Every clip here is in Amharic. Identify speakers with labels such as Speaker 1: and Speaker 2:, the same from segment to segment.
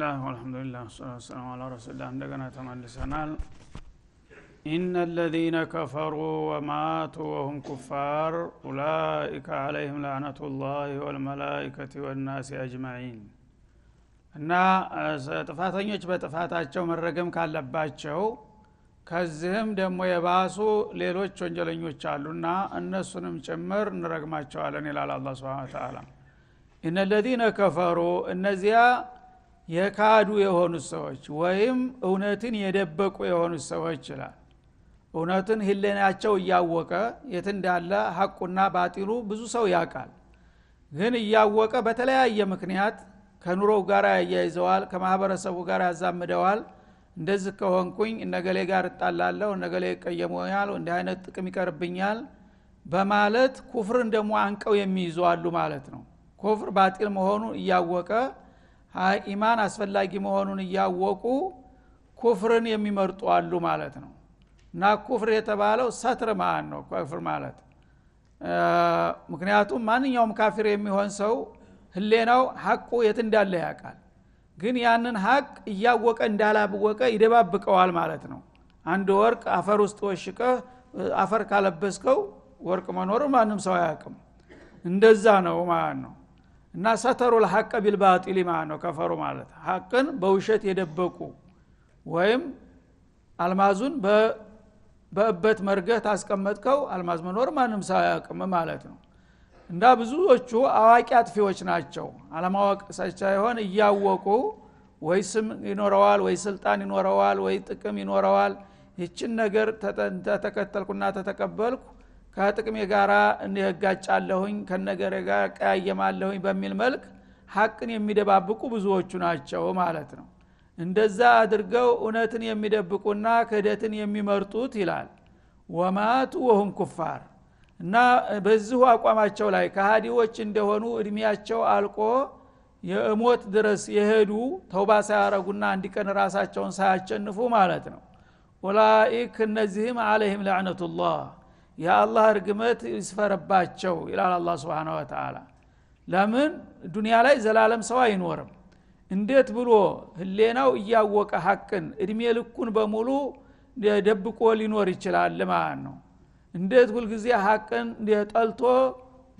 Speaker 1: ብስሚላህ አልሐምዱሊላህ ሰላም አላ ረሱላ እንደገና ተመልሰናል إن الذين كفروا وماتوا وهم كفار أولئك عليهم لعنة الله والملائكة والناس أجمعين እና eh, ጥፋተኞች በጥፋታቸው መረገም ካለባቸው ከዚህም ደግሞ የባሱ ሌሎች ወንጀለኞች አሉና እነሱንም ጭምር እንረግማቸዋለን ይላል አላ ስብን ተላ እነለዚነ ከፈሩ እነዚያ የካዱ የሆኑ ሰዎች ወይም እውነትን የደበቁ የሆኑ ሰዎች ይላል እውነትን ህሌናቸው እያወቀ የት እንዳለ ሀቁና ባጢሉ ብዙ ሰው ያውቃል ግን እያወቀ በተለያየ ምክንያት ከኑሮው ጋር ያያይዘዋል ከማህበረሰቡ ጋር ያዛምደዋል እንደዚህ ከሆንኩኝ እነገሌ ጋር እጣላለሁ እነገሌ ይቀየሙኛል እንዲህ አይነት ጥቅም ይቀርብኛል በማለት ኩፍርን ደግሞ አንቀው የሚይዙ አሉ ማለት ነው ኩፍር ባጢል መሆኑ እያወቀ ኢማን አስፈላጊ መሆኑን እያወቁ ኩፍርን የሚመርጡ አሉ ማለት ነው እና ኩፍር የተባለው ሰትር ማን ነው ኩፍር ማለት ምክንያቱም ማንኛውም ካፊር የሚሆን ሰው ህሌናው ሀቁ የት እንዳለ ያውቃል ግን ያንን ሀቅ እያወቀ እንዳላወቀ ይደባብቀዋል ማለት ነው አንድ ወርቅ አፈር ውስጥ ወሽቀ አፈር ካለበስከው ወርቅ መኖሩ ማንም ሰው አያውቅም እንደዛ ነው ማለት ነው እና ሰተሩ ልሐቀ ቢልባጢል ማለት ነው ከፈሩ ማለት ሐቅን በውሸት የደበቁ ወይም አልማዙን በእበት መርገህ ታስቀመጥከው አልማዝ መኖር ማንም ሳያቅም ማለት ነው እና ብዙዎቹ አዋቂ አጥፊዎች ናቸው አለማወቅ ሳይሆን እያወቁ ወይ ስም ይኖረዋል ወይ ስልጣን ይኖረዋል ወይ ጥቅም ይኖረዋል ይችን ነገር ተተከተልኩና ተተቀበልኩ ከጥቅሜ ጋር እንህጋጫለሁኝ ከነገሬ ጋር ቀያየማለሁኝ በሚል መልክ ሀቅን የሚደባብቁ ብዙዎቹ ናቸው ማለት ነው እንደዛ አድርገው እውነትን የሚደብቁና ክህደትን የሚመርጡት ይላል ወማቱ ወሁም ኩፋር እና በዚሁ አቋማቸው ላይ ከሃዲዎች እንደሆኑ እድሜያቸው አልቆ የእሞት ድረስ የሄዱ ተውባ ሳያረጉና አንድ ቀን ራሳቸውን ሳያቸንፉ ማለት ነው ኡላኢክ እነዚህም አለህም ላዕነቱላህ የአላህ እርግመት ይስፈርባቸው ይላል አላ ስብን ወተላ ለምን ዱንያ ላይ ዘላለም ሰው አይኖርም እንዴት ብሎ ህሌናው እያወቀ ሀቅን እድሜ ልኩን በሙሉ ደብቆ ሊኖር ይችላል ማለት ነው እንዴት ሁልጊዜ ሀቅን ጠልቶ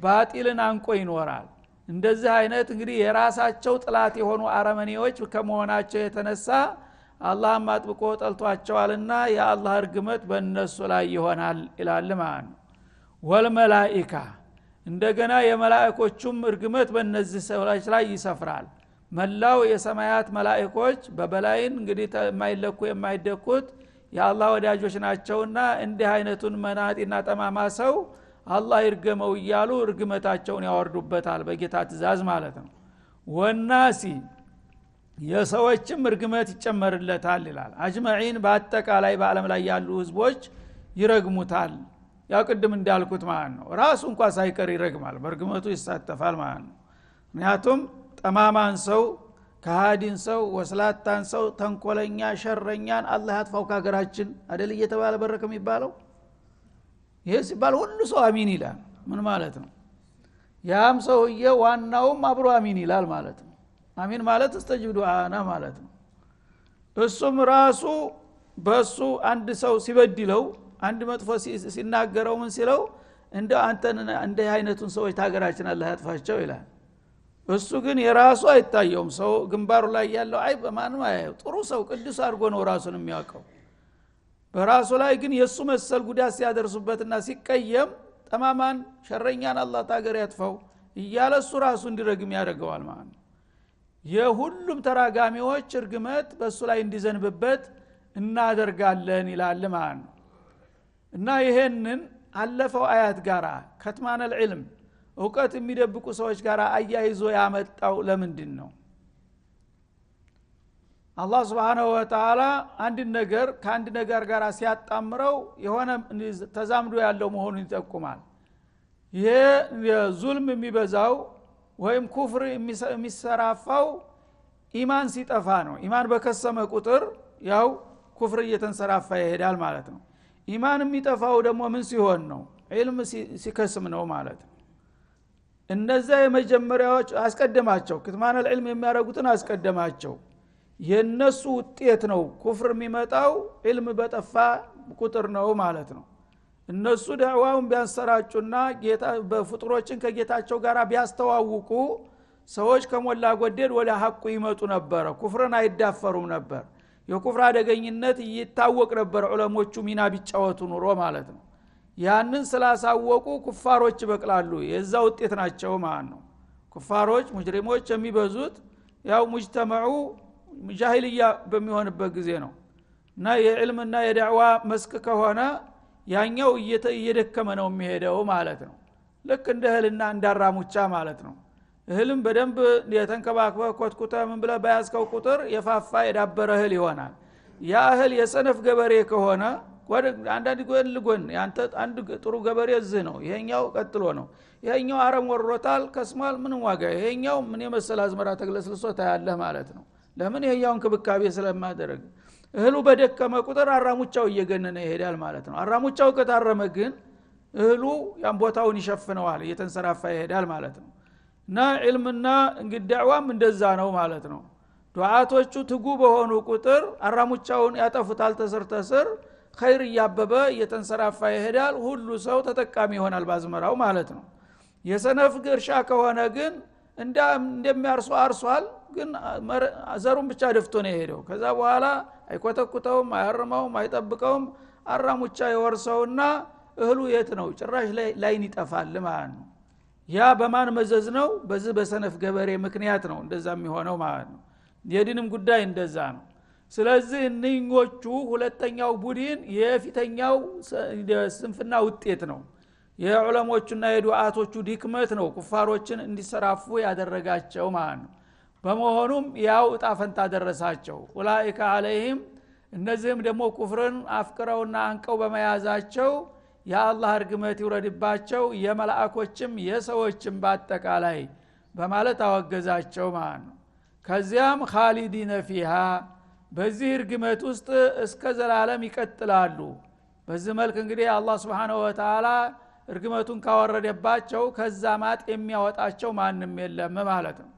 Speaker 1: ባጢልን አንቆ ይኖራል እንደዚህ አይነት እንግዲህ የራሳቸው ጥላት የሆኑ አረመኔዎች ከመሆናቸው የተነሳ አላህም አጥብቆ ጠልቷቸዋልና የአላህ እርግመት በእነሱ ላይ ይሆናል ይላል ማለት ነው ወልመላኢካ እንደገና የመላእኮቹም እርግመት በእነዚህ ሰዎች ላይ ይሰፍራል መላው የሰማያት መላእኮች በበላይን እንግዲህ የማይለኩ የማይደኩት የአላህ ወዳጆች ናቸውና እንዲህ አይነቱን መናጢና ጠማማ ሰው አላህ ይርገመው እያሉ እርግመታቸውን ያወርዱበታል በጌታ ትእዛዝ ማለት ነው ወናሲ የሰዎችም እርግመት ይጨመርለታል ይላል አጅመዒን በአጠቃላይ በአለም ላይ ያሉ ህዝቦች ይረግሙታል ያው ቅድም እንዳልኩት ማለት ነው ራሱ እንኳ ሳይቀር ይረግማል በእርግመቱ ይሳተፋል ማለት ነው ምክንያቱም ጠማማን ሰው ከሃዲን ሰው ወስላታን ሰው ተንኮለኛ ሸረኛን አላህ አጥፋው ከሀገራችን አደል እየተባለ በረከ የሚባለው ይሄ ሲባል ሁሉ ሰው አሚን ይላል ምን ማለት ነው ያም ሰውዬ ዋናውም አብሮ አሚን ይላል ማለት ነው አሚን ማለት እስተጅብ ዱዓና ማለት ነው እሱም ራሱ በእሱ አንድ ሰው ሲበድለው አንድ መጥፎ ሲናገረው ምን ሲለው እንደ አንተን እንደ አይነቱን ሰዎች ታገራችን አለ ያጥፋቸው ይላል እሱ ግን የራሱ አይታየውም ሰው ግንባሩ ላይ ያለው አይ በማንም አያየው ጥሩ ሰው ቅዱስ አድርጎ ነው ራሱን የሚያውቀው በራሱ ላይ ግን የእሱ መሰል ጉዳት ሲያደርሱበትና ሲቀየም ጠማማን ሸረኛን አላ ታገር ያጥፈው እያለ እሱ ራሱ እንዲረግም ያደርገዋል ማለት ነው የሁሉም ተራጋሚዎች እርግመት በእሱ ላይ እንዲዘንብበት እናደርጋለን ይላል ማለት ነው እና ይሄንን አለፈው አያት ጋራ ከትማን ልዕልም እውቀት የሚደብቁ ሰዎች ጋር አያይዞ ያመጣው ለምንድን ነው አላህ ስብንሁ ወተላ አንድን ነገር ከአንድ ነገር ጋር ሲያጣምረው የሆነ ተዛምዶ ያለው መሆኑን ይጠቁማል ይሄ የዙልም የሚበዛው ወይም ኩፍር የሚሰራፋው ኢማን ሲጠፋ ነው ኢማን በከሰመ ቁጥር ያው ኩፍር እየተንሰራፋ ይሄዳል ማለት ነው ኢማን የሚጠፋው ደግሞ ምን ሲሆን ነው ዕልም ሲከስም ነው ማለት ነው እነዛ የመጀመሪያዎች አስቀደማቸው ክትማን ልዕልም የሚያደረጉትን አስቀደማቸው የነሱ ውጤት ነው ኩፍር የሚመጣው ዕልም በጠፋ ቁጥር ነው ማለት ነው እነሱ ዳዕዋውን ቢያንሰራጩና በፍጥሮችን ከጌታቸው ጋር ቢያስተዋውቁ ሰዎች ከሞላ ጎደል ወደ ሀቁ ይመጡ ነበረ ኩፍርን አይዳፈሩም ነበር የኩፍር አደገኝነት ይታወቅ ነበር ዑለሞቹ ሚና ቢጫወቱ ኑሮ ማለት ነው ያንን ስላሳወቁ ኩፋሮች ይበቅላሉ የዛ ውጤት ናቸው ማለት ነው ኩፋሮች ሙጅሪሞች የሚበዙት ያው ሙጅተመዑ ጃሂልያ በሚሆንበት ጊዜ ነው እና የዕልምና የዳዕዋ መስክ ከሆነ ያኛው እየደከመ ነው የሚሄደው ማለት ነው ልክ እንደ እህልና እንዳራሙቻ ማለት ነው እህልም በደንብ የተንከባክበ ኮትኩተ ምን ብለ በያዝከው ቁጥር የፋፋ የዳበረ እህል ይሆናል ያ እህል የሰነፍ ገበሬ ከሆነ አንዳንድ ጎን ልጎን ያንተ አንድ ጥሩ ገበሬ እዝህ ነው ይሄኛው ቀጥሎ ነው ይሄኛው አረም ወሮታል ከስሟል ምንም ዋጋ ይሄኛው ምን የመሰለ አዝመራ ተግለስልሶ ታያለህ ማለት ነው ለምን ይሄኛውን እንክብካቤ ስለማደረግ እህሉ በደከመ ቁጥር አራሙቻው እየገነነ ይሄዳል ማለት ነው አራሙጫው ከታረመ ግን እህሉ ያን ቦታውን ይሸፍነዋል እየተንሰራፋ ይሄዳል ማለት ነው እና ዕልምና እንግዲህ ዳዕዋም እንደዛ ነው ማለት ነው ዱዓቶቹ ትጉ በሆኑ ቁጥር አራሙቻውን ያጠፉታል ተስር ተስር ኸይር እያበበ እየተንሰራፋ ይሄዳል ሁሉ ሰው ተጠቃሚ ይሆናል ባዝመራው ማለት ነው የሰነፍ ግርሻ ከሆነ ግን እንደሚያርሱ አርሷል ግን ዘሩን ብቻ ደፍቶ ነው የሄደው ከዛ በኋላ አይኮተኩተውም አያርመውም አይጠብቀውም አራሙቻ የወርሰውና እህሉ የት ነው ጭራሽ ላይን ይጠፋል ማለት ነው ያ በማን መዘዝ ነው በዚህ በሰነፍ ገበሬ ምክንያት ነው እንደዛ የሚሆነው ማለት ነው የድንም ጉዳይ እንደዛ ነው ስለዚህ እነኞቹ ሁለተኛው ቡድን የፊተኛው ስንፍና ውጤት ነው የዑለሞቹና የዱዓቶቹ ዲክመት ነው ኩፋሮችን እንዲሰራፉ ያደረጋቸው ማለት ነው በመሆኑም ያው እጣ ፈንታ ደረሳቸው ኡላይከ አለይህም እነዚህም ደግሞ ኩፍርን አፍቅረውና አንቀው በመያዛቸው የአላህ እርግመት ይውረድባቸው የመላእኮችም የሰዎችም በአጠቃላይ በማለት አወገዛቸው ማለት ነው ከዚያም ካሊዲነ ፊሃ በዚህ እርግመት ውስጥ እስከ ዘላለም ይቀጥላሉ በዚህ መልክ እንግዲህ አላህ ስብንሁ ወተላ እርግመቱን ካወረደባቸው ከዛ ማጥ የሚያወጣቸው ማንም የለም ማለት ነው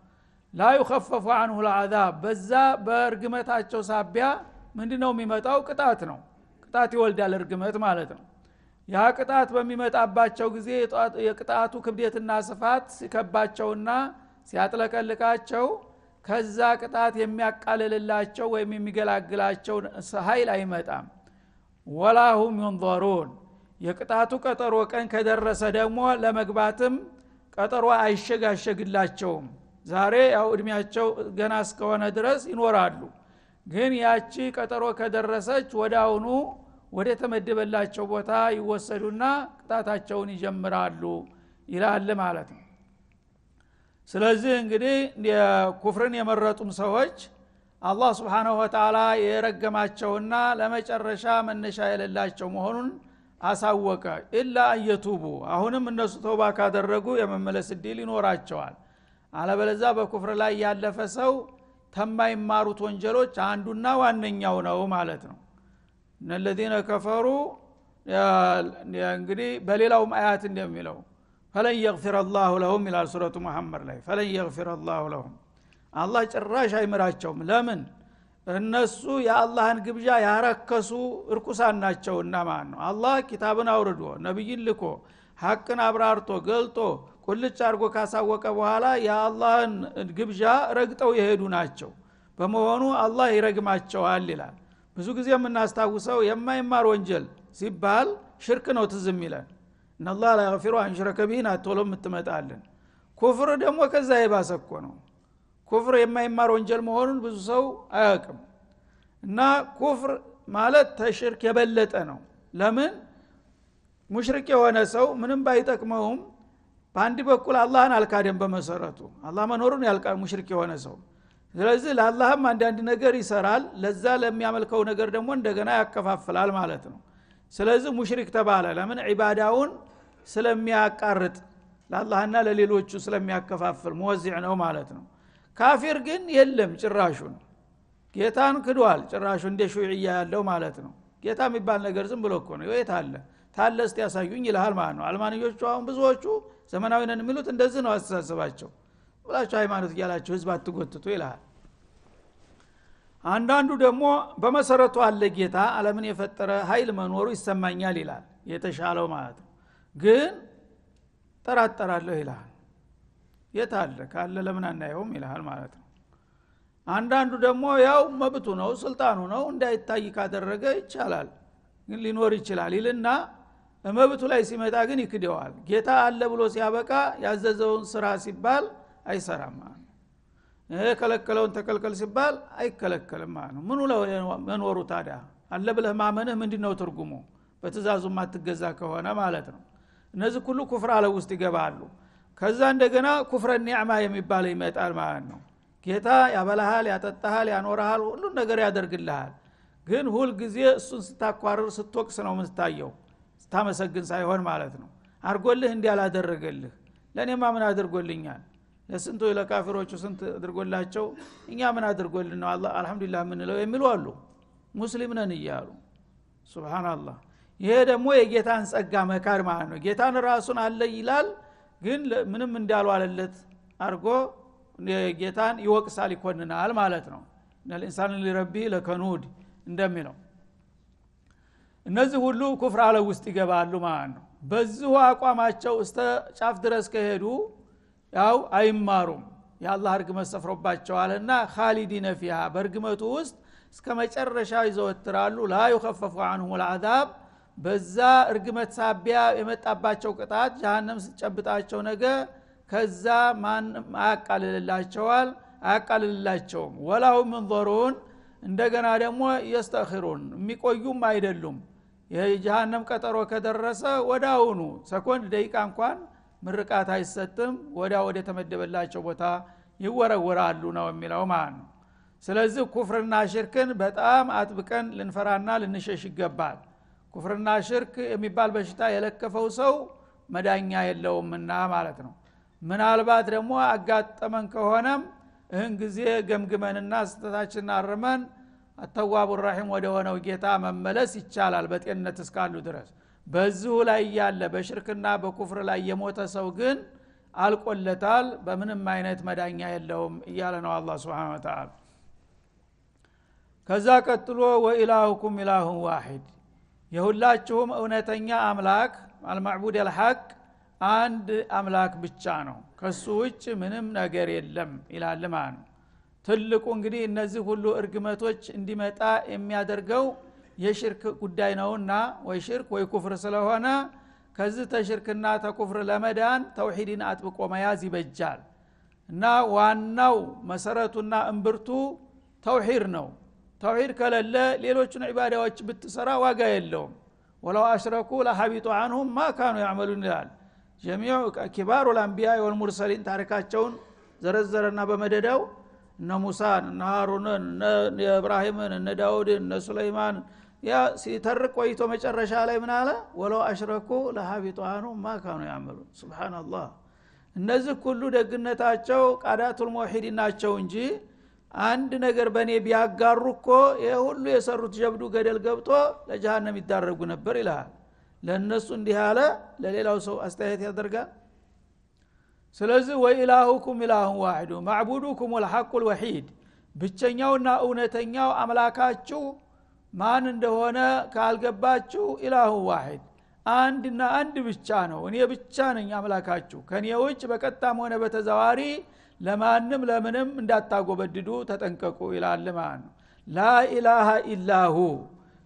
Speaker 1: ላ ዩከፈፉ አንሁ ልአዛብ በዛ በእርግመታቸው ሳቢያ ምንድ ነው የሚመጣው ቅጣት ነው ቅጣት ይወልዳል እርግመት ማለት ነው ያ ቅጣት በሚመጣባቸው ጊዜ የቅጣቱ ክብደትና ስፋት ሲከባቸውና ሲያጥለቀልቃቸው ከዛ ቅጣት የሚያቃልልላቸው ወይም የሚገላግላቸው ሀይል አይመጣም ወላሁም ዩንظሩን የቅጣቱ ቀጠሮ ቀን ከደረሰ ደግሞ ለመግባትም ቀጠሮ አይሸጋሸግላቸውም ዛሬ ያው እድሜያቸው ገና እስከሆነ ድረስ ይኖራሉ ግን ያቺ ቀጠሮ ከደረሰች ወደ አሁኑ ወደ ተመደበላቸው ቦታ ይወሰዱና ቅጣታቸውን ይጀምራሉ ይላል ማለት ነው ስለዚህ እንግዲህ ኩፍርን የመረጡም ሰዎች አላህ ስብንሁ ወተላ የረገማቸውና ለመጨረሻ መነሻ የሌላቸው መሆኑን አሳወቀ ኢላ አየቱቡ አሁንም እነሱ ተውባ ካደረጉ የመመለስ እድል ይኖራቸዋል አለበለዛ በኩፍር ላይ ያለፈ ሰው ተማይማሩት ወንጀሎች አንዱና ዋነኛው ነው ማለት ነው እነለዚነ ከፈሩ እንግዲህ በሌላውም አያት እንደሚለው ፈለን የፊር አላሁ ለሁም ይላል ሱረቱ መሐመድ ላይ ፈለን የፊር አላሁ ለሁም አላህ ጭራሽ አይምራቸውም ለምን እነሱ የአላህን ግብዣ ያረከሱ እርኩሳን ናቸውና ማለት ነው አላህ ኪታብን አውርዶ ነቢይን ልኮ ሀቅን አብራርቶ ገልጦ ቁልጭ አድርጎ ካሳወቀ በኋላ የአላህን ግብዣ ረግጠው የሄዱ ናቸው በመሆኑ አላህ ይረግማቸዋል ይላል ብዙ ጊዜ የምናስታውሰው የማይማር ወንጀል ሲባል ሽርክ ነው ትዝም ይለን እናላ ላ ያፊሩ አንሽረከ ቢህን አቶሎ የምትመጣልን ኩፍር ደግሞ ከዛ የባሰኮ ነው ኩፍር የማይማር ወንጀል መሆኑን ብዙ ሰው አያውቅም እና ኩፍር ማለት ተሽርክ የበለጠ ነው ለምን ሙሽሪክ የሆነ ሰው ምንም ባይጠቅመውም በአንድ በኩል አላህን አልካደም በመሰረቱ አላህ መኖሩን ያልቃል ሙሽሪክ የሆነ ሰው ስለዚህ ለአላህም አንዳንድ ነገር ይሰራል ለዛ ለሚያመልከው ነገር ደግሞ እንደገና ያከፋፍላል ማለት ነው ስለዚህ ሙሽሪክ ተባለ ለምን ዒባዳውን ስለሚያቃርጥ ለአላህና ለሌሎቹ ስለሚያከፋፍል መወዚዕ ነው ማለት ነው ካፊር ግን የለም ጭራሹን ጌታን ክዷል ጭራሹ እንደ ሹዕያ ያለው ማለት ነው ጌታ የሚባል ነገር ዝም ብሎ እኮ ነው የት አለ ታለ እስቲ ያሳዩኝ ይልሃል ማለት ነው አልማንዮቹ አሁን ብዙዎቹ ዘመናዊ ነን የሚሉት እንደዚህ ነው አስተሳሰባቸው ብላችሁ ሃይማኖት እያላቸው ህዝብ አትጎትቱ ይልሃል አንዳንዱ ደግሞ በመሰረቱ አለ ጌታ አለምን የፈጠረ ሀይል መኖሩ ይሰማኛል ይላል የተሻለው ማለት ነው ግን ጠራጠራለሁ ይልሃል የት አለ ካለ ለምን አናየውም ይልሃል ማለት ነው አንዳንዱ ደግሞ ያው መብቱ ነው ስልጣኑ ነው እንዳይታይ ካደረገ ይቻላል ግን ሊኖር ይችላል ይልና መብቱ ላይ ሲመጣ ግን ይክደዋል ጌታ አለ ብሎ ሲያበቃ ያዘዘውን ስራ ሲባል አይሰራም ማለት ከለከለውን ተከልከል ሲባል አይከለከልም ማለት ነው ምኑ መኖሩ ታዲያ አለ ብለህ ማመንህ ምንድ ነው ትርጉሙ በትእዛዙ ማትገዛ ከሆነ ማለት ነው እነዚህ ሁሉ ኩፍር አለ ውስጥ ይገባሉ ከዛ እንደገና ኩፍረ ኒዕማ የሚባል ይመጣል ማለት ነው ጌታ ያበላሃል ያጠጣሃል ያኖረሃል ሁሉን ነገር ያደርግልሃል ግን ሁልጊዜ እሱን ስታኳርር ስትወቅስ ነው ምስታየው ስታመሰግን ሳይሆን ማለት ነው አርጎልህ እንዲ አላደረገልህ ለእኔማ ምን አድርጎልኛል ለስንቱ ለካፊሮቹ ስንት አድርጎላቸው እኛ ምን አድርጎልን ነው አልሐምዱላ የምንለው የሚሉ አሉ ሙስሊም ነን እያሉ ሱብናላህ ይሄ ደግሞ የጌታን ጸጋ መካድ ማለት ነው ጌታን ራሱን አለ ይላል ግን ምንም እንዳልዋለለት አድርጎ ጌታን ይወቅሳል ይኮንናል ማለት ነው ልኢንሳን ሊረቢ ለከኑድ እንደሚለው እነዚህ ሁሉ ኩፍር አለ ውስጥ ይገባሉ ማለት ነው በዚሁ አቋማቸው እስተ ጫፍ ድረስ ከሄዱ ያው አይማሩም የአላህ እርግመት ሰፍሮባቸዋልና ካሊዲነ ፊሃ በእርግመቱ ውስጥ እስከ መጨረሻ ይዘወትራሉ ላ ዩከፈፉ አንሁም ልአዛብ በዛ እርግመት ሳቢያ የመጣባቸው ቅጣት ጃሃንም ስትጨብጣቸው ነገ ከዛ ማን አያቃልልላቸዋል አያቃልልላቸውም ወላሁ ምንዘሩን እንደገና ደግሞ የስተኪሩን የሚቆዩም አይደሉም የጃሃንም ቀጠሮ ከደረሰ ወደ አሁኑ ሰኮንድ ደቂቃ እንኳን ምርቃት አይሰጥም ወዳ ወደ ተመደበላቸው ቦታ ይወረወራሉ ነው የሚለው ማለት ነው ስለዚህ ኩፍርና ሽርክን በጣም አጥብቀን ልንፈራና ልንሸሽ ይገባል ኩፍርና ሽርክ የሚባል በሽታ የለከፈው ሰው መዳኛ የለውምና ማለት ነው ምናልባት ደግሞ አጋጠመን ከሆነም እህን ጊዜ ገምግመንና ስተታችን አርመን አተዋቡ ራሒም ወደ ሆነው ጌታ መመለስ ይቻላል በጤንነት እስካሉ ድረስ በዚሁ ላይ ያለ በሽርክና በኩፍር ላይ የሞተ ሰው ግን አልቆለታል በምንም አይነት መዳኛ የለውም እያለ ነው አላ ስብን ተላ ከዛ ቀጥሎ ወኢላሁኩም ኢላሁን ዋሂድ የሁላችሁም እውነተኛ አምላክ አልማዕቡድ አልሐቅ አንድ አምላክ ብቻ ነው ከሱ ውጭ ምንም ነገር የለም ይላል ማለት ነው ትልቁ እንግዲህ እነዚህ ሁሉ እርግመቶች እንዲመጣ የሚያደርገው የሽርክ ጉዳይ ነውና ወይ ሽርክ ወይ ኩፍር ስለሆነ ከዚህ ተሽርክና ተኩፍር ለመዳን ተውሂድን አጥብቆ መያዝ ይበጃል እና ዋናው መሰረቱና እምብርቱ ተውሂድ ነው ተውሂድ ከለለ ሌሎችን ዒባዳዎች ብትሰራ ዋጋ የለውም ወለው አሽረኩ ለሀቢጡ አንሁም ማ ካኑ ያዕመሉን ይላል ጀሚዑ ኪባሩ ልአንቢያ ወልሙርሰሊን ታሪካቸውን ዘረዘረና በመደዳው እነ ሙሳን እነ ሃሩንን እነ እብራሂምን እነ ዳውድን እነ ሱለይማን ያ ሲተርቅ ቆይቶ መጨረሻ ላይ ምን አለ ወለው አሽረኩ ለሀቢጡ አኑ ማ ካኑ ያዕመሉን ስብናላህ እነዚህ ሁሉ ደግነታቸው ቃዳቱል ሙሒድ ናቸው እንጂ አንድ ነገር በእኔ ቢያጋሩ እኮ ይህ ሁሉ የሰሩት ጀብዱ ገደል ገብቶ ለጃሃንም ይዳረጉ ነበር ይልሃል ለእነሱ እንዲህ አለ ለሌላው ሰው አስተያየት ያደርጋል ስለዚህ ወኢላሁኩም ኢላሁን ዋሂዱ ማዕቡዱኩም ልሐቁ ልወሒድ ብቸኛውና እውነተኛው አምላካችሁ ማን እንደሆነ ካልገባችሁ ኢላሁ ዋሂድ አንድና አንድ ብቻ ነው እኔ ብቻ ነኝ አምላካችሁ ከእኔ ውጭ በቀጣም ሆነ በተዘዋሪ ለማንም ለምንም እንዳታጎበድዱ ተጠንቀቁ ይላል ማለት ነው ላኢላሃ ኢላሁ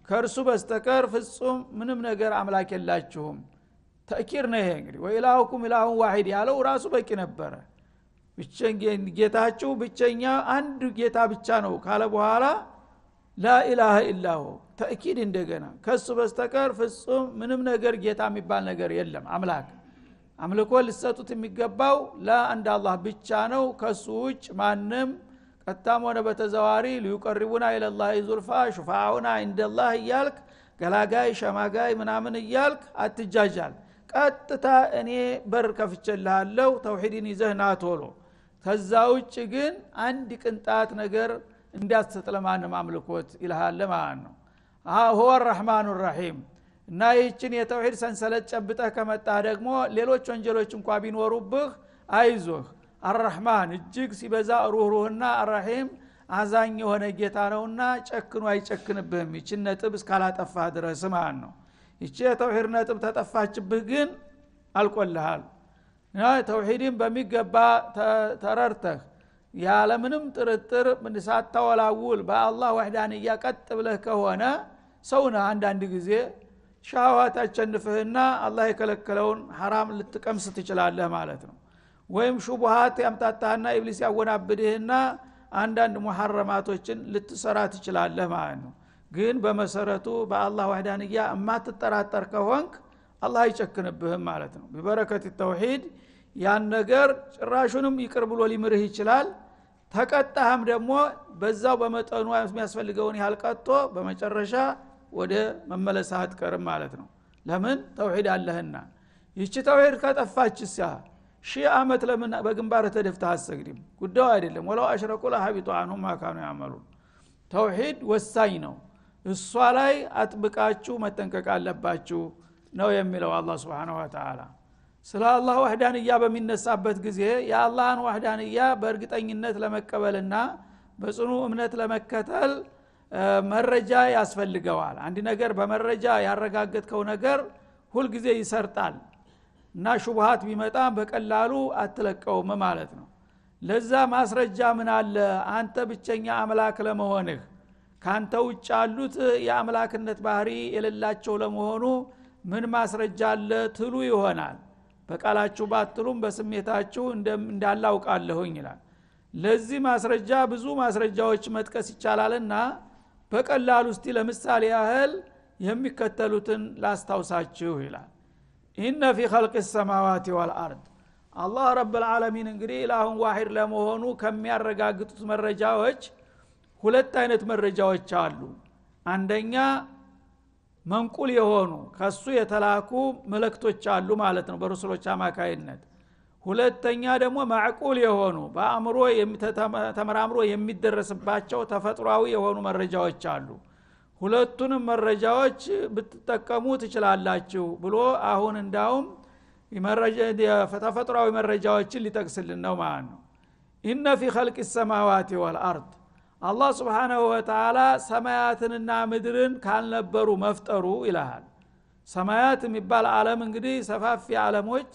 Speaker 1: ከእርሱ በስተቀር ፍጹም ምንም ነገር አምላክ የላችሁም ተእኪር ነው ይሄ እንግዲህ ወኢላሁኩም ኢላሁን ዋሂድ ያለው ራሱ በቂ ነበረ ጌታችሁ ብቸኛ አንድ ጌታ ብቻ ነው ካለ በኋላ ላኢላሃ ኢላሁ ተእኪድ እንደገና ከሱ በስተቀር ፍጹም ምንም ነገር ጌታ የሚባል ነገር የለም አምላክ አምልኮ ልሰጡት የሚገባው ለአንድ አላህ ብቻ ነው ከሱ ውጭ ማንም ቀጥታም ሆነ በተዘዋሪ ሊዩቀሪቡና ኢለላ ዙልፋ ሹፋውና እንደላህ እያልክ ገላጋይ ሸማጋይ ምናምን እያልክ አትጃጃል ቀጥታ እኔ በር ከፍቼልሃለሁ ተውሒድን ይዘህ ናቶሎ ከዛ ውጭ ግን አንድ ቅንጣት ነገር እንዳትሰጥ ለማንም አምልኮት ይልሃለ ማለት ነው ሁወ ረሕማኑ ራሒም እና ይህችን የተውሂድ ሰንሰለት ጨብጠህ ከመጣህ ደግሞ ሌሎች ወንጀሎች እንኳ ቢኖሩብህ አይዞህ አራህማን እጅግ ሲበዛ ሩህሩህና አራሒም አዛኝ የሆነ ጌታ ነውና ጨክኑ አይጨክንብህም ይችን ነጥብ እስካላጠፋህ ድረስ ማለት ነው ይቺ የተውሒድ ነጥብ ተጠፋችብህ ግን አልቆልሃል ተውሒድን በሚገባ ተረርተህ ያለምንም ጥርጥር ሳታወላውል በአላህ ወህዳንያ ቀጥ ብለህ ከሆነ ሰውነ አንዳንድ ጊዜ ሻዋት አቸንፍህና አላህ የከለከለውን ሐራም ልትቀምስ ትችላለህ ማለት ነው ወይም ሹቡሃት ያምታታህና ኢብሊስ ያወናብድህና አንዳንድ ሙሐረማቶችን ልትሰራ ትችላለህ ማለት ነው ግን በመሰረቱ በአላህ ዋህዳንያ እማትጠራጠር ከሆንክ አላህ አይጨክንብህም ማለት ነው ቢበረከት ተውሂድ ያን ነገር ጭራሹንም ይቅር ብሎ ሊምርህ ይችላል ተቀጣህም ደግሞ በዛው በመጠኑ የሚያስፈልገውን ያህል ቀጦ በመጨረሻ ወደ መመለስ አትቀርም ማለት ነው ለምን ተውሂድ አለህና ይቺ ተውሂድ ከጠፋች ሳ ሺህ አመት ለምን በግንባር ተደፍታ አሰግድም ጉዳዩ አይደለም ወላው አሽረቁ ለሀቢጡ አንሁ ማካኑ ያመሉን ተውሂድ ወሳኝ ነው እሷ ላይ አጥብቃችሁ መጠንቀቅ አለባችሁ ነው የሚለው አላ ስብን ወተላ ስለ አላህ ዋህዳንያ በሚነሳበት ጊዜ የአላህን ዋህዳንያ በእርግጠኝነት ለመቀበልና በጽኑ እምነት ለመከተል መረጃ ያስፈልገዋል አንድ ነገር በመረጃ ያረጋገጥከው ነገር ሁልጊዜ ይሰርጣል እና ሹብሃት ቢመጣም በቀላሉ አትለቀውም ማለት ነው ለዛ ማስረጃ ምን አለ አንተ ብቸኛ አምላክ ለመሆንህ ካንተ ውጭ ያሉት የአምላክነት ባህሪ የሌላቸው ለመሆኑ ምን ማስረጃ አለ ትሉ ይሆናል በቃላችሁ ባትሉም በስሜታችሁ እንዳላውቃለሁኝ ይላል ለዚህ ማስረጃ ብዙ ማስረጃዎች መጥቀስ ይቻላልና በቀላል ውስጥ ለምሳሌ ያህል የሚከተሉትን ላስታውሳችሁ ይላል ኢነ ፊ ኸልቅ ሰማዋት ወልአርድ አላህ ረብልዓለሚን እንግዲህ ኢላሁን ዋሂድ ለመሆኑ ከሚያረጋግጡት መረጃዎች ሁለት አይነት መረጃዎች አሉ አንደኛ መንቁል የሆኑ ከሱ የተላኩ መለክቶች አሉ ማለት ነው በሩስሎች አማካይነት ሁለተኛ ደግሞ ማዕቁል የሆኑ በአእምሮ ተመራምሮ የሚደረስባቸው ተፈጥሯዊ የሆኑ መረጃዎች አሉ ሁለቱንም መረጃዎች ብትጠቀሙ ትችላላችሁ ብሎ አሁን እንዳውም ተፈጥሯዊ መረጃዎችን ሊጠቅስልን ነው ማለት ነው ኢነ ፊ ኸልቅ ሰማዋት ወልአርድ አላህ ስብሓናሁ ወተላ ሰማያትንና ምድርን ካልነበሩ መፍጠሩ ይልሃል ሰማያት የሚባል አለም እንግዲህ ሰፋፊ አለሞች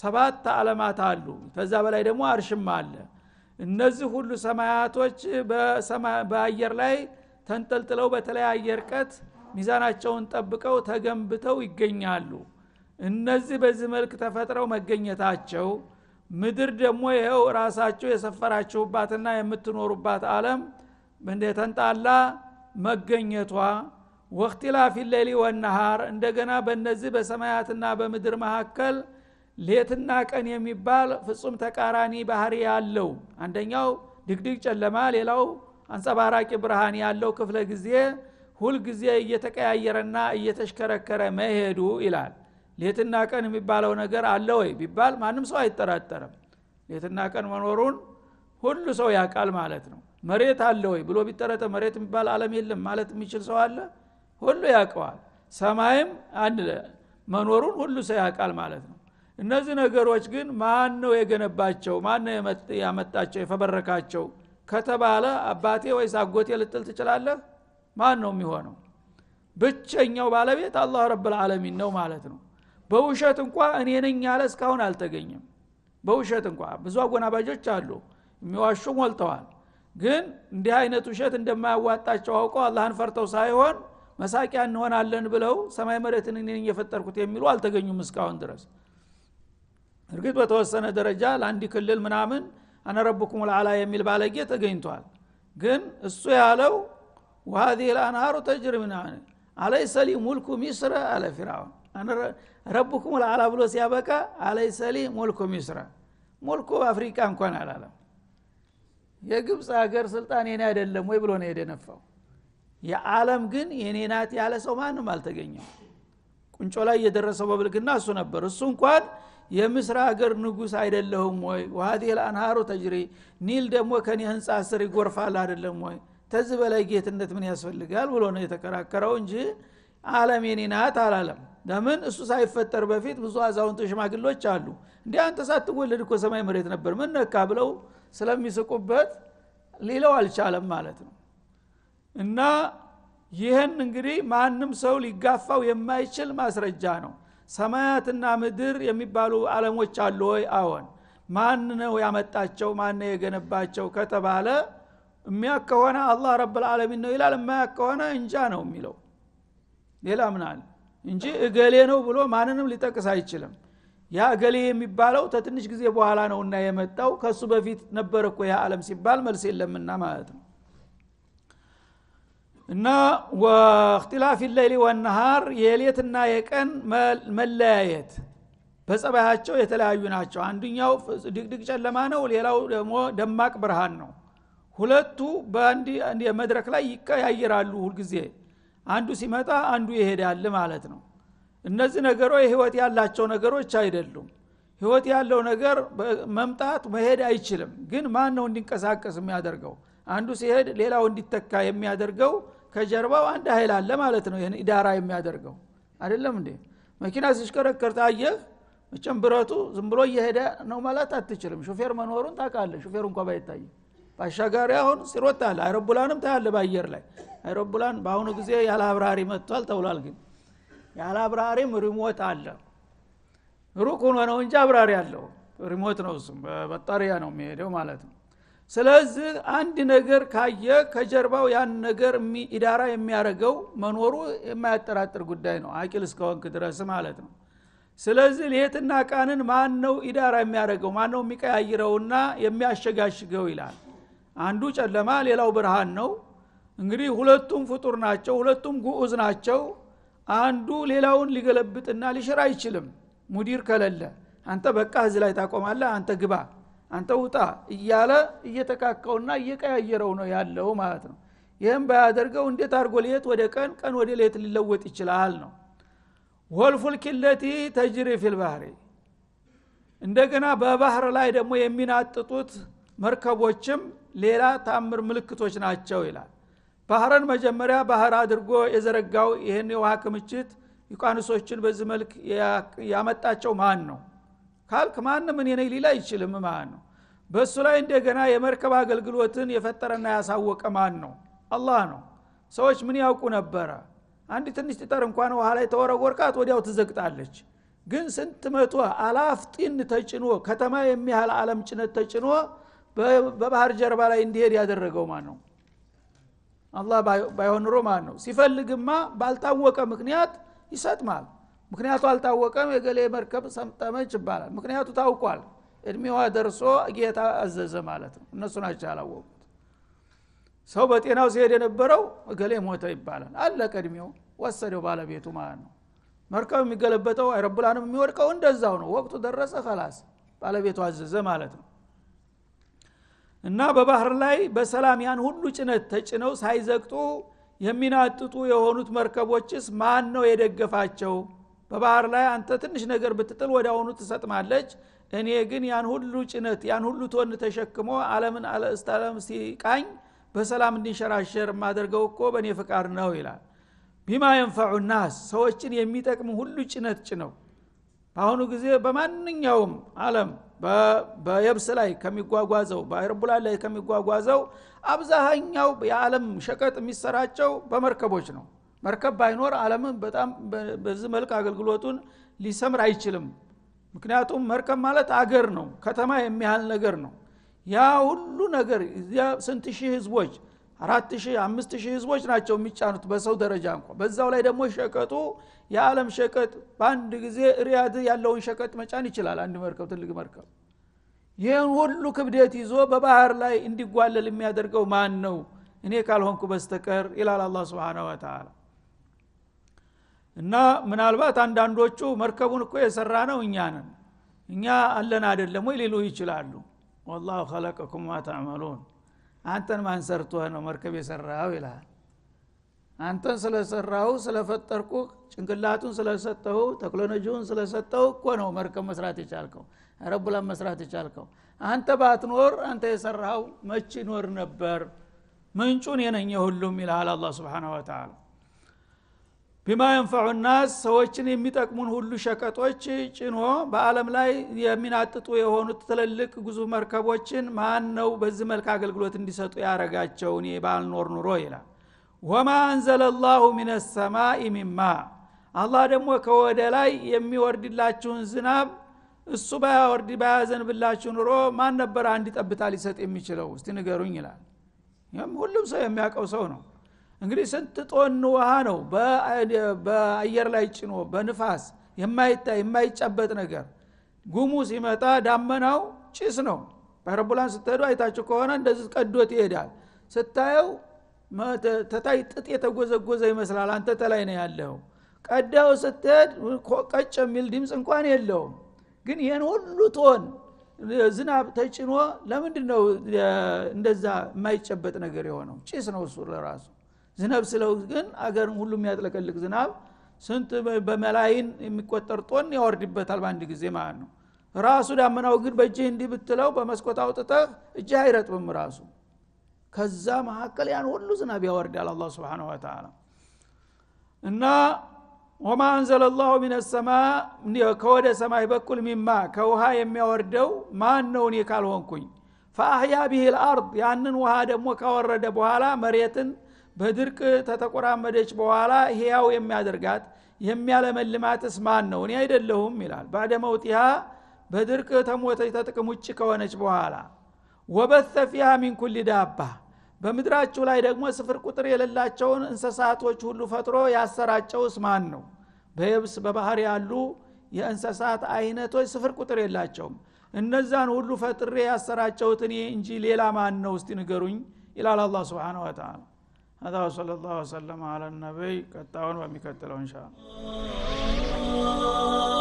Speaker 1: ሰባት አለማት አሉ ከዛ በላይ ደግሞ አርሽም አለ እነዚህ ሁሉ ሰማያቶች በአየር ላይ ተንጠልጥለው በተለያየ ርቀት ሚዛናቸውን ጠብቀው ተገንብተው ይገኛሉ እነዚህ በዚህ መልክ ተፈጥረው መገኘታቸው ምድር ደግሞ ይኸው ራሳቸው የሰፈራችሁባትና የምትኖሩባት አለም ተንጣላ መገኘቷ ወክትላፊ ሌሊ ወነሃር እንደገና በእነዚህ በሰማያትና በምድር መካከል ሌትና ቀን የሚባል ፍጹም ተቃራኒ ባህሪ ያለው አንደኛው ድግድግ ጨለማ ሌላው አንጸባራቂ ብርሃን ያለው ክፍለ ጊዜ ሁልጊዜ እየተቀያየረና እየተሽከረከረ መሄዱ ይላል ሌትና ቀን የሚባለው ነገር አለ ወይ ቢባል ማንም ሰው አይጠራጠርም ሌትና ቀን መኖሩን ሁሉ ሰው ያውቃል ማለት ነው መሬት አለ ወይ ብሎ ቢጠረጠ መሬት የሚባል አለም የለም ማለት የሚችል ሰው አለ ሁሉ ያውቀዋል ሰማይም አንድ መኖሩን ሁሉ ሰው ያውቃል ማለት ነው እነዚህ ነገሮች ግን ማን ነው የገነባቸው ማን ነው ያመጣቸው የፈበረካቸው ከተባለ አባቴ ወይስ አጎቴ ልትል ትችላለህ ማን ነው የሚሆነው ብቸኛው ባለቤት አላህ ረብልዓለሚን ነው ማለት ነው በውሸት እንኳ እኔ ነኝ ያለ እስካሁን አልተገኘም በውሸት እንኳ ብዙ አጎናባጆች አሉ የሚዋሹ ሞልተዋል ግን እንዲህ አይነት ውሸት እንደማያዋጣቸው አውቀው አላህን ፈርተው ሳይሆን መሳቂያ እንሆናለን ብለው ሰማይ መሬትን እኔ የፈጠርኩት የሚሉ አልተገኙም እስካሁን ድረስ እርግጥ በተወሰነ ደረጃ ለአንድ ክልል ምናምን አነረብኩም ልአላ የሚል ባለጌ ተገኝቷል ግን እሱ ያለው ወሀዚህ ልአንሃሩ ተጅር ምናምን አለይሰ ሊ ሙልኩ ሚስረ አለ ፊራውን ረብኩም ልአላ ብሎ ሲያበቃ አለይሰ ሊ ሙልኩ ሚስረ ሙልኩ አፍሪቃ እንኳን አላለም የግብፅ ሀገር ስልጣን የኔ አይደለም ወይ ብሎ ነው የደነፋው የዓለም ግን የኔ ናት ያለ ሰው ማንም አልተገኘም ቁንጮ ላይ እየደረሰው በብልግና እሱ ነበር እሱ እንኳን የምስር አገር ንጉስ አይደለሁም ወይ ዋህዲል አንሃሩ ተጅሪ ኒል ደግሞ ከኔ ህንፃ ስር ይጎርፋል አይደለም ወይ ተዚህ በላይ ጌትነት ምን ያስፈልጋል ብሎ ነው የተከራከረው እንጂ አለም የኔ ናት አላለም ለምን እሱ ሳይፈጠር በፊት ብዙ አዛውንት ሽማግሎች አሉ እንዲ አንተ ሳትወለድ እኮ ሰማይ መሬት ነበር ምን ነካ ብለው ስለሚስቁበት ሊለው አልቻለም ማለት ነው እና ይህን እንግዲህ ማንም ሰው ሊጋፋው የማይችል ማስረጃ ነው ሰማያትና ምድር የሚባሉ አለሞች አሉ ወይ አዎን ማን ነው ያመጣቸው ማን ነው የገነባቸው ከተባለ የሚያክ ከሆነ አላህ ረብልዓለሚን ነው ይላል የማያክ ከሆነ እንጃ ነው የሚለው ሌላ ምን አለ እንጂ እገሌ ነው ብሎ ማንንም ሊጠቅስ አይችልም ያ እገሌ የሚባለው ተትንሽ ጊዜ በኋላ እና የመጣው ከሱ በፊት ነበር እኮ ያ ዓለም ሲባል መልስ የለምና ማለት ነው እና ወእክትላፍ ሌሊ ወነሃር የሌትና የቀን መለያየት በጸባያቸው የተለያዩ ናቸው አንዱኛው ድቅድቅ ጨለማ ነው ሌላው ደግሞ ደማቅ ብርሃን ነው ሁለቱ በአንድ መድረክ ላይ ይቀያየራሉ ሁልጊዜ አንዱ ሲመጣ አንዱ ይሄዳል ማለት ነው እነዚህ ነገሮች ህይወት ያላቸው ነገሮች አይደሉም ህይወት ያለው ነገር መምጣት መሄድ አይችልም ግን ማን ነው እንዲንቀሳቀስ የሚያደርገው አንዱ ሲሄድ ሌላው እንዲተካ የሚያደርገው ከጀርባው አንድ ኃይል አለ ማለት ነው ይህን ኢዳራ የሚያደርገው አይደለም እንዴ መኪና ሲሽከረከር ታየህ መቸም ብረቱ ዝም ብሎ እየሄደ ነው ማለት አትችልም ሾፌር መኖሩን ታቃለ ሾፌር እንኳ ባይታይ በአሻጋሪ አሁን ሲሮጥ አለ አይሮፕላንም ታያለ በአየር ላይ አይሮፕላን በአሁኑ ጊዜ ያለ አብራሪ መጥቷል ተብሏል ግን ያለ አብራሪም ሪሞት አለ ሩቅ ሆኖ ነው እንጂ አብራሪ አለው ሪሞት ነው እሱም በበጣሪያ ነው የሚሄደው ማለት ነው ስለዚህ አንድ ነገር ካየ ከጀርባው ያን ነገር ኢዳራ የሚያደርገው መኖሩ የማያጠራጥር ጉዳይ ነው አቂል እስከወንክ ድረስ ማለት ነው ስለዚህ ሌትና ቃንን ማን ነው ኢዳራ የሚያደርገው ማን ነው የሚቀያይረውና የሚያሸጋሽገው ይላል አንዱ ጨለማ ሌላው ብርሃን ነው እንግዲህ ሁለቱም ፍጡር ናቸው ሁለቱም ጉዑዝ ናቸው አንዱ ሌላውን ሊገለብጥና ሊሽር አይችልም ሙዲር ከለለ አንተ በቃ እዚህ ላይ ታቆማለህ አንተ ግባ አንተ ውጣ እያለ እየተካካውና እየቀያየረው ነው ያለው ማለት ነው ይህም ባያደርገው እንዴት አድርጎ ሌት ወደ ቀን ቀን ወደ ሌት ሊለወጥ ይችላል ነው ወልፉልክ ለቲ ተጅሪ ፊልባህሪ እንደገና በባህር ላይ ደግሞ የሚናጥጡት መርከቦችም ሌላ ታምር ምልክቶች ናቸው ይላል ባህርን መጀመሪያ ባህር አድርጎ የዘረጋው ይህን የውሃ ክምችት ዩቃንሶችን በዚህ መልክ ያመጣቸው ማን ነው ካልክ ማንም እኔ ነኝ አይችልም ማን ነው በእሱ ላይ እንደገና የመርከብ አገልግሎትን የፈጠረና ያሳወቀ ማን ነው አላህ ነው ሰዎች ምን ያውቁ ነበረ አንድ ትንሽ ጥጠር እንኳን ውሃ ላይ ተወረወርቃት ወዲያው ትዘግጣለች ግን ስንት መቶ አላፍ ጢን ተጭኖ ከተማ የሚያህል አለም ጭነት ተጭኖ በባህር ጀርባ ላይ እንዲሄድ ያደረገው ማን ነው አላህ ባይሆንሮ ማን ነው ሲፈልግማ ባልታወቀ ምክንያት ይሰጥማል ምክንያቱ አልታወቀም የገሌ መርከብ ሰምጠመች ይባላል ምክንያቱ ታውቋል እድሜዋ ደርሶ ጌታ አዘዘ ማለት ነው እነሱ ናቸው ያላወቁት ሰው በጤናው ሲሄድ የነበረው እገሌ ሞተ ይባላል አለቀ እድሜው ወሰደው ባለቤቱ ማለት ነው መርከብ የሚገለበጠው አይሮፕላንም የሚወድቀው እንደዛው ነው ወቅቱ ደረሰ ከላስ ባለቤቱ አዘዘ ማለት ነው እና በባህር ላይ በሰላም ያን ሁሉ ጭነት ተጭነው ሳይዘግጡ የሚናጥጡ የሆኑት መርከቦችስ ማን ነው የደገፋቸው በባህር ላይ አንተ ትንሽ ነገር ብትጥል ወደ አሁኑ ትሰጥማለች እኔ ግን ያን ሁሉ ጭነት ያን ሁሉ ቶን ተሸክሞ አለምን አለ እስታለም ሲቃኝ በሰላም እንዲንሸራሸር የማደርገው እኮ በእኔ ፍቃድ ነው ይላል ቢማ የንፈዑ ናስ ሰዎችን የሚጠቅም ሁሉ ጭነት ጭነው በአሁኑ ጊዜ በማንኛውም አለም በየብስ ላይ ከሚጓጓዘው በአይርቡላን ላይ ከሚጓጓዘው አብዛሃኛው የዓለም ሸቀጥ የሚሰራጨው በመርከቦች ነው መርከብ ባይኖር አለምን በጣም በዚህ መልክ አገልግሎቱን ሊሰምር አይችልም ምክንያቱም መርከብ ማለት አገር ነው ከተማ የሚያህል ነገር ነው ያ ሁሉ ነገር እዚያ ስንት ሺህ ህዝቦች አራት ሺህ አምስት ሺህ ህዝቦች ናቸው የሚጫኑት በሰው ደረጃ እንኳ በዛው ላይ ደግሞ ሸቀጡ የዓለም ሸቀጥ በአንድ ጊዜ ሪያድ ያለውን ሸቀጥ መጫን ይችላል አንድ መርከብ ትልቅ መርከብ ይህን ሁሉ ክብደት ይዞ በባህር ላይ እንዲጓለል የሚያደርገው ማን ነው እኔ ካልሆንኩ በስተቀር ይላል አላ ስብን ወተላ እና ምናልባት አንዳንዶቹ መርከቡን እኮ የሰራ ነው እኛ ነን እኛ አለን አይደለም ወይ ሊሉ ይችላሉ ወላሁ ከለቀኩም ማተዕመሉን አንተን ማን ሰርቶህ ነው መርከብ የሰራው ይልሃል አንተን ስለሰራው ስለፈጠርኩ ጭንቅላቱን ስለሰጠሁ ተክሎነጂውን ስለሰጠው እኮ ነው መርከብ መስራት የቻልከው ረቡላን መስራት የቻልከው አንተ ባትኖር አንተ የሰራው መቺ ኖር ነበር ምንጩን የነኘ ሁሉም ይልሃል አላ ስብን ወተላ ቢማ የንፈዑ ሰዎችን የሚጠቅሙን ሁሉ ሸቀጦች ጭኖ በአለም ላይ የሚናጥጡ የሆኑት ትልልቅ ጉዙ መርከቦችን ማን ነው በዚህ መልክ አገልግሎት እንዲሰጡ ያረጋቸው እኔ ባልኖር ኑሮ ይላል ወማ አንዘለ ላሁ ምን ሰማኢ ሚማ አላህ ደግሞ ከወደ ላይ የሚወርድላችሁን ዝናብ እሱ ባያወርድ ባያዘንብላችሁ ኑሮ ማን ነበር አንድ ጠብታ ሊሰጥ የሚችለው እስቲ ንገሩኝ ይላል ሁሉም ሰው የሚያውቀው ሰው ነው እንግዲህ ስንት ጦን ውሃ ነው በአየር ላይ ጭኖ በንፋስ የማይታይ የማይጨበጥ ነገር ጉሙ ሲመጣ ዳመናው ጭስ ነው በአይሮፕላን ስትሄዱ አይታችሁ ከሆነ እንደዚህ ቀዶት ይሄዳል ስታየው ተታይ ጥጥ የተጎዘጎዘ ይመስላል አንተ ተላይ ነው ያለው ቀዳው ስትሄድ ቀጭ የሚል ድምፅ እንኳን የለውም ግን ይህን ሁሉ ቶን ዝናብ ተጭኖ ለምንድን ነው እንደዛ የማይጨበጥ ነገር የሆነው ጭስ ነው እሱ ለራሱ ዝነብ ስለው ግን አገርን ሁሉ የሚያጥለቀልቅ ዝናብ ስንት በመላይን የሚቆጠር ጦን ያወርድበታል በአንድ ጊዜ ማለት ነው ራሱ ዳመናው ግን በእጅህ እንዲህ ብትለው በመስኮት አውጥተህ እጅህ አይረጥብም ራሱ ከዛ መካከል ያን ሁሉ ዝናብ ያወርዳል አላ ስብን ወተላ እና ወማ አንዘለ ላሁ ከወደ ሰማይ በኩል ሚማ ከውሃ የሚያወርደው ማን ነው እኔ ካልሆንኩኝ ፈአህያ ብህ ልአርድ ያንን ውሃ ደግሞ ካወረደ በኋላ መሬትን በድርቅ ተተቆራመደች በኋላ ህያው የሚያደርጋት የሚያለመልማትስ ማን ነው? እኔ አይደለሁም ይላል። መውጢያ በድርቅ ተሞተች ተጥቅም ውጭ ከሆነች በኋላ ወበተ ፊሃ ሚን ኩል ዳባ በምድራችሁ ላይ ደግሞ ስፍር ቁጥር የሌላቸውን እንስሳቶች ሁሉ ፈጥሮ ያሰራጨውስ ማን ነው? በየብስ በባህር ያሉ የእንስሳት አይነቶች ስፍር ቁጥር የላቸውም። እነዛን ሁሉ ፈጥሬ ያሰራጨውት እኔ እንጂ ሌላ ማን ነው? እስቲ ንገሩኝ ይላል አላ ስብሓነ ወተዓላ። هذا صلى الله وسلم على النبي كتاون وميكتلون إن شاء الله